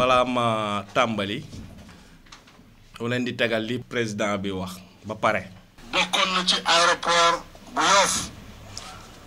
balaa ma tàmbali xam leen di tegal lii président bi wax ba pare. nekkoon na ci aéroport bu Yoff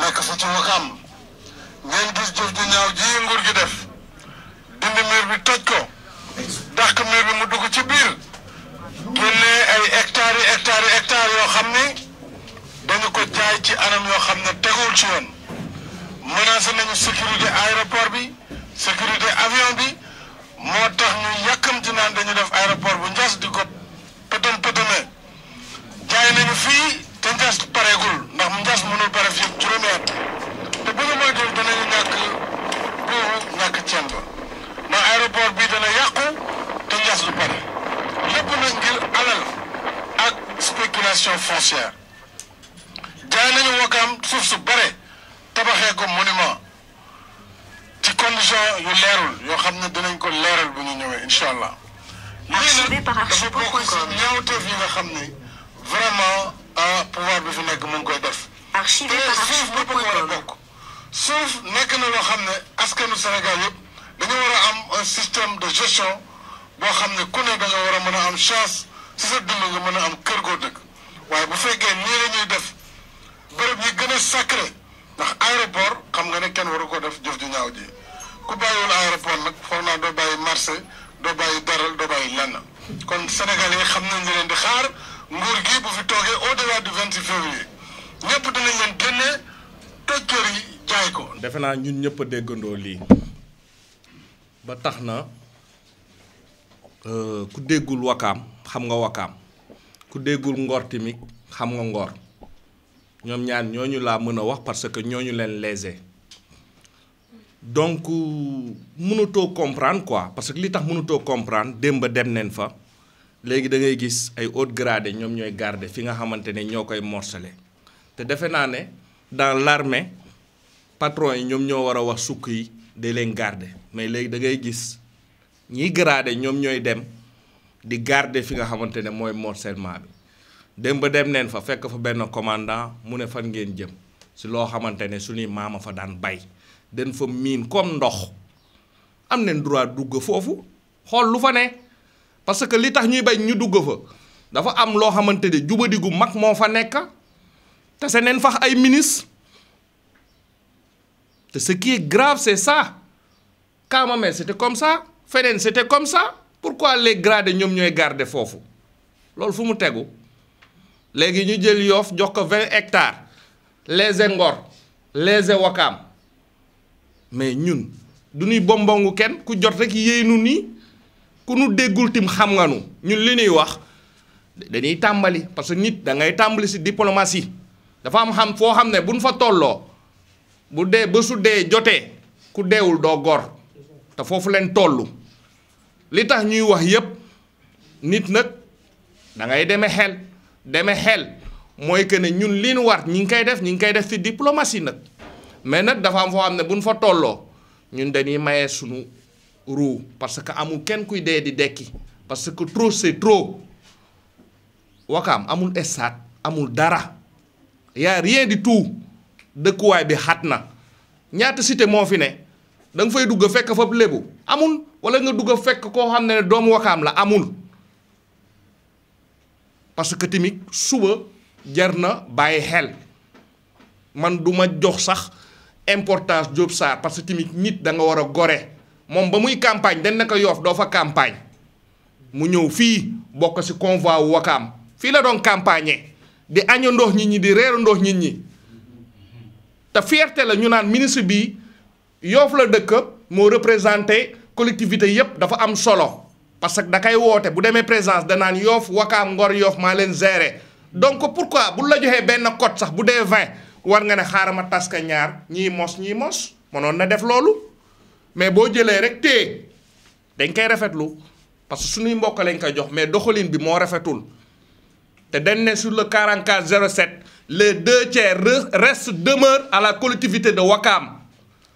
nekk fa ci Wakam ngeen gis jëf ju ñaaw ji nguur gi def dindi miir bi toj ko dàq miir bi mu dugg ci biir génnee ay hectares yi hectares yoo xam ni dañu ko jaay ci anam yoo xam ne teguwul ci yoon menacé nañu sécurité aéroport bi sécurité avion bi. moo tax ñu yàkkamti naa dañu def aéroport bu Ndiass di ko pëtëm pëtëmee jaay nañu fii te Ndiass pareegul ndax mu mënul pare fii juróomi at te bu ñu moytuwul danañu ñàkk buuxu ñàkk ceen ba ndax aéroport dana yàqu te du pare lépp nag ngir alal ak spéculation foncière jaay nañu Wakam suuf su bare tabaxee ko monument ci condition yu leerul xam ne dinañ ko leeral bu ñu ñëwee incha allah. archivé par archipo.com ñaawteef yi nga xam ne vraiment pouvoir bi fi nekk mu ngi koy def. archivé par archipo.com bokk. suuf nekk na loo xam ne askanu Sénégal yëpp dañu war a am un système de gestion boo xam ne ku ne da nga war a mën a am chance si sa dund nga mën a am kër goo dëkk waaye bu fekkee nii la ñuy def bërëb yi gën a sacré ndax aéroport xam nga ne kenn waru ko def jëf ju ñaaw ji. ku bàyyiwul aéroport nag foog naa doo bàyyi marché doo bàyyi daral doo bàyyi lenn kon sénégalais xam nañ leen di xaar nguur gi bu fi toogee au delà du 26 février ñëpp dinañ leen génnee toj kër yi jaay ko. defe naa ñun ñëpp a déggandoo lii ba tax na euh, ku déggul wakaam xam nga wakaam ku déggul ngor tamit xam nga ngoor ñoom ñaan ñooñu laa mën a wax parce que ñooñu leen lésé. donc euh, mënutoo comprendre quoi parce que li tax mënutoo comprendre démb dem neen fa léegi da ngay gis ay haut gradé ñoom ñooy garde fi nga xamante ne ñoo koy morcelé te defe naa ne dans l'armée patron yi ñoom ñoo war a wax sukk yi day leen mais léegi da ngay gis ñiy gradé ñoom ñooy dem di garder fi nga xamante ne mooy morcellement bi démb dem neen fa fekk fa benn commandant mu ne fan ngeen jëm si loo xamante ne suñuy maama fa daan bay den fa miin comme ndox am nañ droit dugg foofu xool lu fa ne parce que li tax ñuy bay ñu dugg fa dafa am loo xamante ne jubadi gu mag moo fa nekk te se neen fax ay ministre te ce qui est grave c'est ça Casamance c'était comme ça feneen c'était comme ça pourquoi les gradés ñoom ñooy garder foofu loolu fu mu tegu léegi ñu jël Yoff jox ko vingt hectares les Ngor les Ouakam mais ñun du ñuy bombongu kenn ku jot rek yéey ni ku nu déggul tim xam nga nu ñun li ñuy wax dañuy tàmbali parce que nit da ngay tàmbali si diplomatie dafa am xam foo xam ne buñ fa tolloo bu dee ba su dee jotee ku deewul doo gor te foofu leen tollu li tax ñuy wax yépp nit nag da ngay deme xel deme xel mooy que ne ñun li ñu war ñi ngi def ñi ngi def si diplomatie nag mais nak dafa am fo xamne ne buñ fa tolloo ñun dañuy mayé sunu ru, parce que amul kenn kuy dé di déki parce que trop c'est trop wakam amul estat amul dara y'a rien du tout quoi bi hatna ñaata cité mo fi né da nga fay dugg fekk fa lebu amul wala nga dugg fekk ko xamne ne doomu wakam la amul parce que timik suba jarna baye xel man duma jox sax importance job sar parce que timit nit da nga wara goré gore ba muy campagne dañ naka yof yoof fa campagne mu ñew fi bokk ci convoi wu fi la don campagne di agno ndox nit ñi di reeru ndox nit ñi ta fierté la ñu nan ministre bi yoof la dekk mo représenter collectivité yépp dafa am solo parce que da kay woté bu démé présence danaan yof wakam Ngor yoof ma len gérer donc pourquoi bu la joxé ben code sax bu dé 20 war nga ne xaaral ma tas ka ñaar ñii mos ñii mos monoon na def loolu mais boo jëlee rek tee dañ koy rafetlu parce que suñuy mbokk lañ koy jox mais doxalin bi moo rafetul te dañ sur le 44 07 les deux tiers restent demeurent à la collectivité de Wakam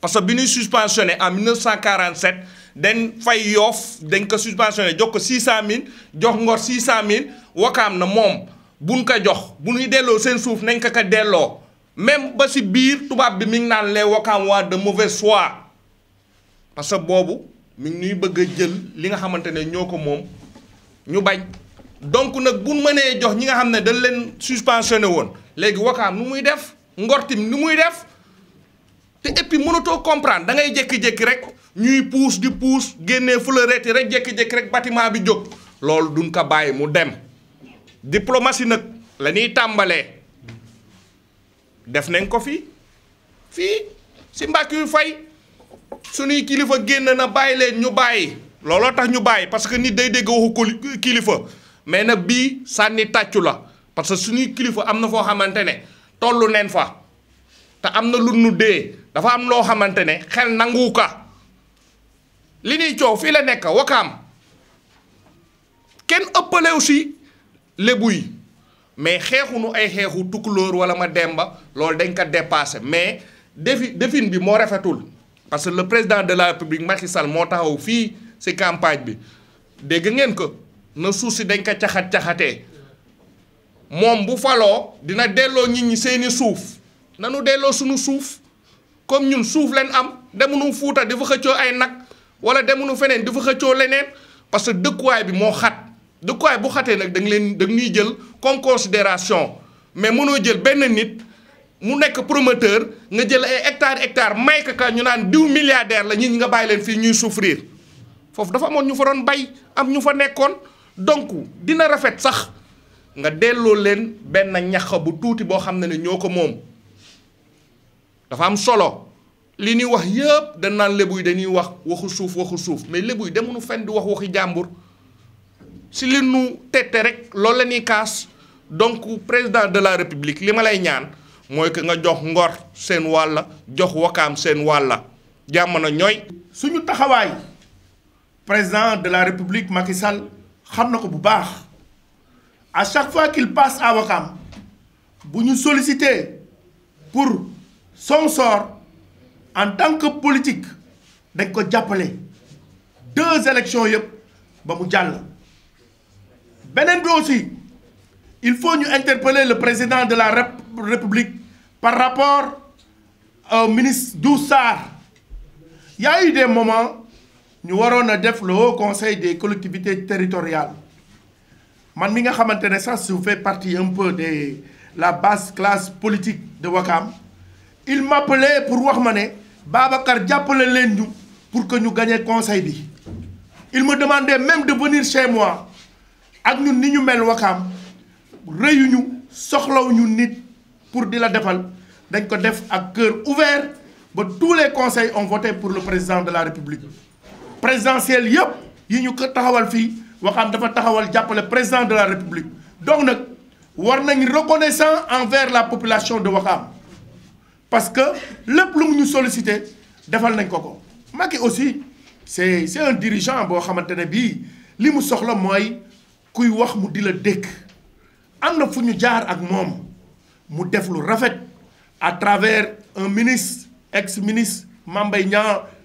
parce que bi ñuy cent en 1947 dañ fay yoof dañ ko suspensionné jox ko 600000 jox ngor 600000 Wakam na moom buñ ko jox bu ñuy delloo seen suuf nañ ko ko delloo. même ba ci biir tubaab bi mi ngi naan les wa de mauvais soir parce que bobu mi ngi ñuy bëgg jël li nga xamantene ñoko mom ñu bañ donc nak buñ mëne jox ñi nga xamne dañ leen suspensioné won légui Wakaam nu muy def ngortim nu muy def té et puis mënatoo comprendre da ngay jékki-jékki rek ñuy pousse di puus génnee fleuretti rek jékki-jékki rek bâtiment bi jóg lool duñ ka bàyyi mu dem diplomatie nak lañuy tambalé def nañ ko fi fii si mbàkk yu fay suñuy kilifa génn na bàyyi leen ñu bàyyi looloo tax ñu bàyyi parce que nit day dégg waxu ko kilifa mais na bii sànni tàccu la parce que suñuy kilifa am na foo xamante ne tollu neen fa te am na lu nu dee dafa am loo xamante ne xel nanguwuka ka li ñuy coow fii la nekk wakaam kenn ëppalew si lébu yi mais xeexunu ay xeexu tukulóor wala ma demba lol dañ ko dépasser mais defin bi mo rafetul parce que le président de la république Macky Sall mo taxaw fi ci campagne bi deg ngeen ko na souci dañ ko caxat caxatee mom bu falo dina delo nit ñi seeni souf nanu delo sunu suf, comme ñun souf len am demunu fuuta di fa xëccoo ay nak wala demunu fenen di fa lenen, lenen parce que dekuway bi mo xat quoi bu xaté nak da da considération mais jël ben nit mu nek promoteur nga jël ay hectare hectare may ka ñu milliardaire la nga souffrir dafa ñu fa am ñu fa donc dina rafet sax nga delo leen ben bu dafa am solo li ni wax dañ nan lebuy dañuy wax waxu waxu mais lebuy demu fenn di si li nu tette rek lol la ni donc président de la république li ma ñaan moy que nga jox ngor sen wàlla jox wakam sen wàlla jamono ñoy suñu taxaway président de la république Macky Sall ko bu baax à chaque fois qu'il passe à Wakam bu ñu sollicité pour son sort en tant que politique de ko deux élections pour ba mu Benen aussi il faut nous interpeller le président de la république par rapport au ministre Doussard. Il y a eu des moments où nous a le haut conseil des collectivités territoriales man mi nga fait partie un peu de la basse classe politique de Wakam il m'appelait pour wax pour que nous le conseil il me demandait même de venir chez moi ak ñun ni ñu mel ñu soxlaw ñu nit pour dila la defal dañ ko def ak cœur ouvert ba tous les conseils ont voté pour le président de la république Présidentiel yep yi ñu ko taxawal fi waxam dafa taxawal président de la république donc nak war nañ reconnaissant envers la population de Wakam parce que lepp lu nous ñu sollicité defal nañ ko ko aussi c'est c'est un dirigeant bo xamantene bi limu soxla kuy wax mu di la jaar ak mu def rafet à travers un ministre ex ministre Mame Mbaye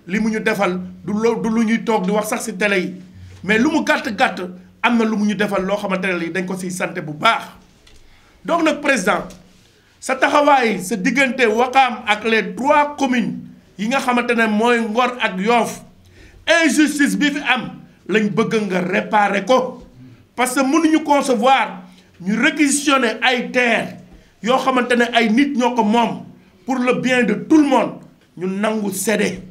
li mu ñu defal du du mais lu mu gàtt gàtt am na lu mu defal loo donc nag président sa taxawaay sa les trois communes yi nga xamante Ngor ak injustice bi am lañ bëgg réparer parce que nous concevoir nous réquisitionner ay terre yo xamantene ay nit pour le bien de tout le monde ñu nangu cédé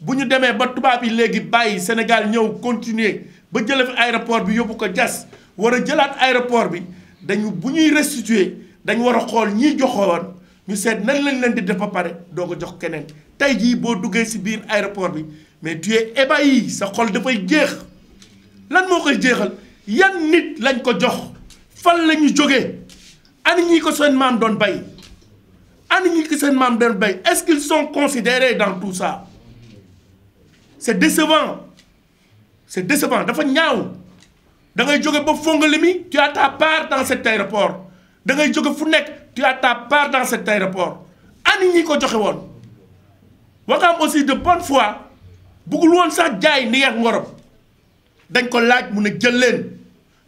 bu ñu ba tuba bi légui Sénégal ñew continuer ba aéroport bi yobu ko jass wara a aéroport bi dañu buñuy restituer dañ wara joxoon ñu nan lañ di def ko jox keneen ci biir aéroport bi mais tu es ébahi sa xol lan mo koy yan nit lañ ko jox fan lañu ñu ani ñi ko seen maam doon bay ani ñi ko seen maam doon bay est-ce qu'ils sont considérés dans tout ça c'est décevant c'est décevant dafa ñaaw da ngay jóge ba Fongolimbi tu as ta part dans cet aéroport da ngay jóge fu nek, tu as ta part dans cet aéroport ani ñi ko joxe woon Wakaam aussi de bonne foi bëggul won sa jaay ni ak ngorom dañ ko laaj mu ne jël leen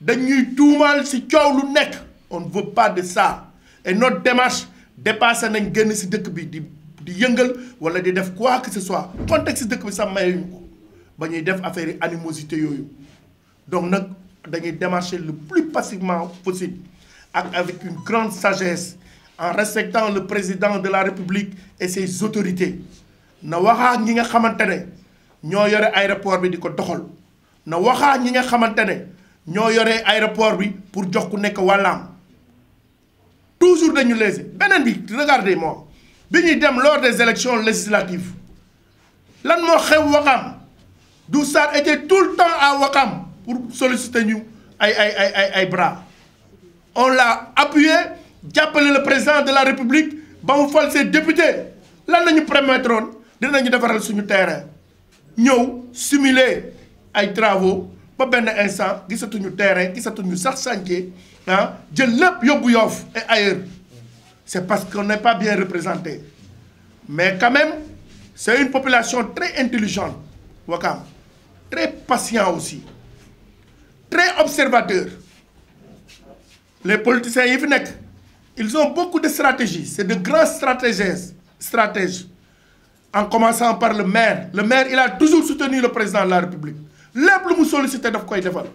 dañuy tuumaal ci coow lu nekk on ne veut pas de ça et notre démarche dépassé nañ génn ci dëkk bi di di yëngal wala di def quoi que ce soit contexte dëkk bi sax mayuñu ko ba ñuy def affaire yi animosité yooyu donc nag dañuy démarcher le plus passivement possible ak avec une grande sagesse en respectant le président de la République et ses autorités na waxaa ñi nga xamante ne ñoo yore aéroport bi di ko doxal na waxaa ñi nga xamante ne avons yoree aéroport bi pour jox ku nekk wàllaam toujours dañu nous beneen bi regardez moi bi dem lors des élections législatives lan moo xew Wakam Doussard était tout le temps à Wakam pour solliciter ñu ay ay bras on l'a appuyé jàppale le président de la république ba mu fal ses députés lan la ñu promettre woon dinañu defaral suñu terrain ñëw simuler ay travaux pas ben instant terrain sax ah, et ailleurs parce qu'on n'est pas bien représenté mais quand même c'est une population très intelligente très patient aussi très observateur les politiciens yves ils ont beaucoup de stratégies C'est de grands stratèges en commençant par le maire le maire il a toujours soutenu le président de la République le lu mu sollicité daf koy defal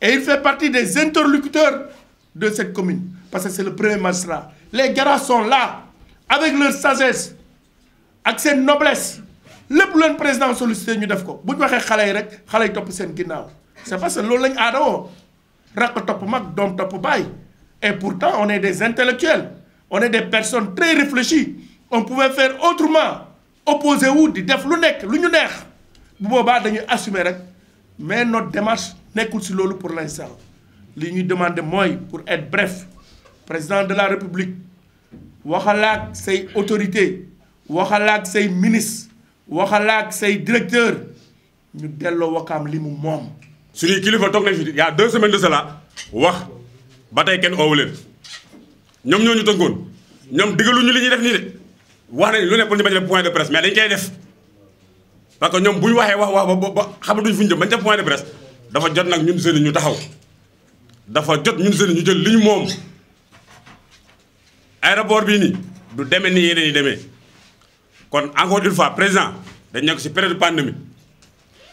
et il fait partie des interlocuteurs de cette commune parce que c'est le premier magistrat les garas sont là avec leur sagesse avec leur noblesse Le lu le président sollicité ñu def ko il waxé waxee rek top sen c'est parce que loolu lañ aada woo top mak dom top et pourtant on est des intellectuels on est des personnes très réfléchies on pouvait faire autrement Opposer ou di def lu bu boobaa dañuy assumer rek mais notre démarche nekkul si loolu pour l'instant li ñuy demander mooy pour être bref président de la république waxalaak say autorité waxalaak say ministre waxalaak say directeur ñu delloo wakaam li mu moom suñuy kilifa toog nañ fi y a deux semaines de cela wax bataille ken kenn oowu leen ñoo ñu tënkoon ñoom digaluñu li ñi def ni de wax nañ lu ne pour ñu bañ def point de presse mais dañ koy def parce que ñoom bu ñu waxee wax wax ba ba xamatuñ fu ñu jëm bañ ca point jot nag ñun jeunes ñu taxaw dafa jot ñun jeunes ñu jël li ñu moom. aéroport bii nii du demee nii yeneen yi demee kon encore une fois président dañ nekk ci période pandémie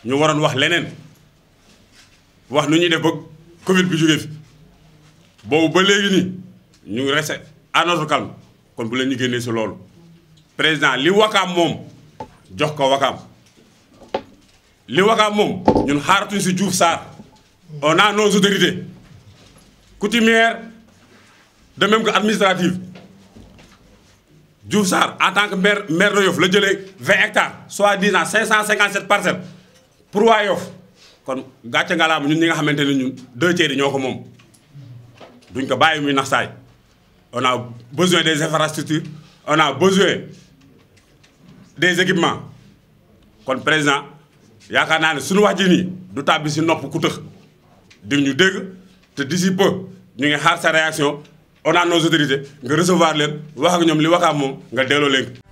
ñu waroon wax leneen wax nu ñuy def ba Covid bi jógee fi boobu ba léegi nii ñu rese resté à kon bu leen ñu génnee si loolu président li wakaam moom jox ko wakaam. li Ouakam mom ñun xaaratuñ ci juuf sar on a nos autorités coutumières de même que administrative juuf sar en tant que maire maire de Yoff la jëlé 20 hectares soit disant 557 parcelles pour waa Yoff kon gàcce ngalaam ñun ñi nga xamante ñun deux tiers yi ñoo duñ ko bayyi muy nax saay on a besoin des infrastructures on a besoin des équipements kon président. yaakaar naa ne suñu wax ji nii du tàbbi si nopp ku tëx di ñu dégg te d'ici peu ñu ngi xaar sa réaction on a nos autorités nga recevoir leen wax ak ñoom li waxaam moom nga delloo leen